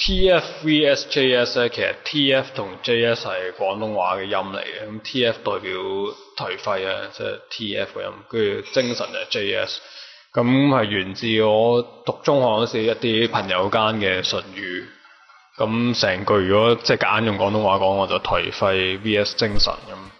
T F V S J S 咧，其實 T F 同 J S 係廣東話嘅音嚟嘅。咁 T F 代表頹廢啊，即係 T F 嘅音，跟住精神就 J S。咁係源自我讀中學嗰時一啲朋友間嘅術語。咁成句如果即係夾硬用廣東話講，我就頹廢 V S 精神咁。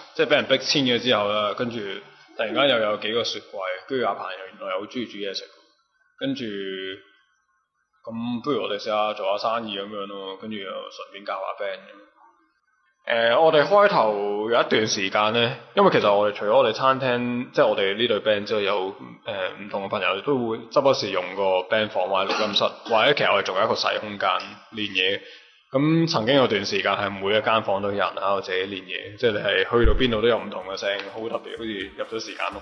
即係俾人逼遷咗之後啦，跟住突然間又有幾個雪櫃，跟住阿彭又原來又好中意煮嘢食，跟住咁不如我哋試下做下生意咁樣咯，跟住又順便教下 band。誒、呃，我哋開頭有一段時間咧，因為其實我哋除咗我哋餐廳，即、就、係、是、我哋呢隊 band 之外有，有誒唔同嘅朋友都會執不時用個 band 房，或者錄音室，或者其實我哋仲有一個細空間練嘢。咁曾經有段時間係每一間房都有人啊，或者練嘢，即係你係去到邊度都有唔同嘅聲音，好特別，好似入咗時間咯。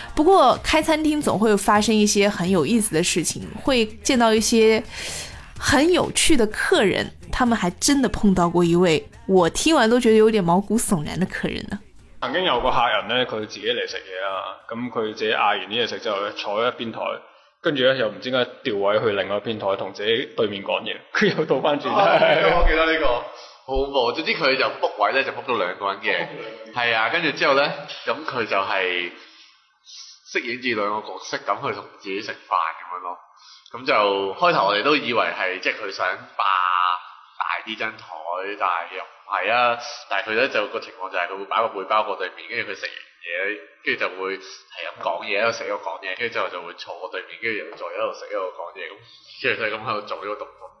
不過開餐廳總會發生一些很有意思的事情，會見到一些很有趣的客人。他們還真的碰到過一位我聽完都覺得有點毛骨悚然的客人呢、啊。曾經有個客人呢，佢自己嚟食嘢啦。咁佢自己嗌完啲嘢食之後咧，坐一邊台，跟住咧又唔知點解調位去另外一邊台同自己對面講嘢，佢又倒翻轉。我記得呢、這個好恐怖。總之佢就 book 位咧就 book 咗兩個人嘅，係啊，跟住之後咧，咁佢就係、是。飾演住兩個角色咁去同自己食飯咁樣咯，咁就開頭我哋都以為係即係佢想霸大啲張台，但係又唔係啊！但係佢咧就個情況就係佢會擺個背包過對面，跟住佢食完嘢，跟住就會係咁講嘢，一度食一路講嘢，跟住之後就會坐過對面，跟住又坐喺度食，一路講嘢，咁係咁喺度做呢個動作。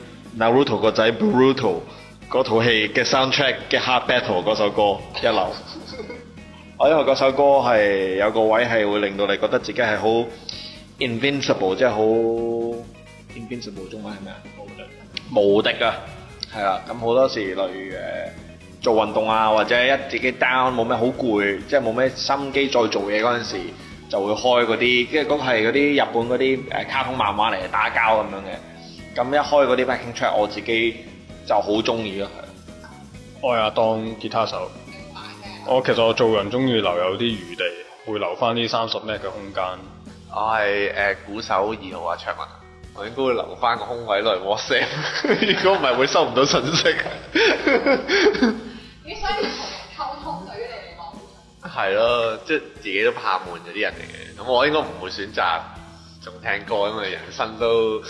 Naruto 個仔 Brutal 嗰套戲嘅 soundtrack 嘅 Heart Battle 嗰首歌一流，我 因為嗰首歌係有個位係會令到你覺得自己係好 invincible，即係好 invincible 中文係咩啊？無敵啊！係啊！咁好多時例如做運動啊，或者一自己 down 冇咩好攰，即係冇咩心機再做嘢嗰陣時，就會開嗰啲，即係嗰係嗰啲日本嗰啲卡通漫畫嚟打交咁樣嘅。咁一開嗰啲 backing track，我自己就好中意咯。我係阿當，吉他手。我其實我做人中意留有啲餘地，會留翻呢三十咩嘅空間。我係誒、呃、鼓手二號阿卓文，我應該會留翻個空位落嚟 WhatsApp。如果唔係會收唔到信息。 你想同人溝通，對於你嚟講？係 咯，即係自己都怕悶啲人嚟嘅。咁我應該唔會選擇仲聽歌，因為人生都～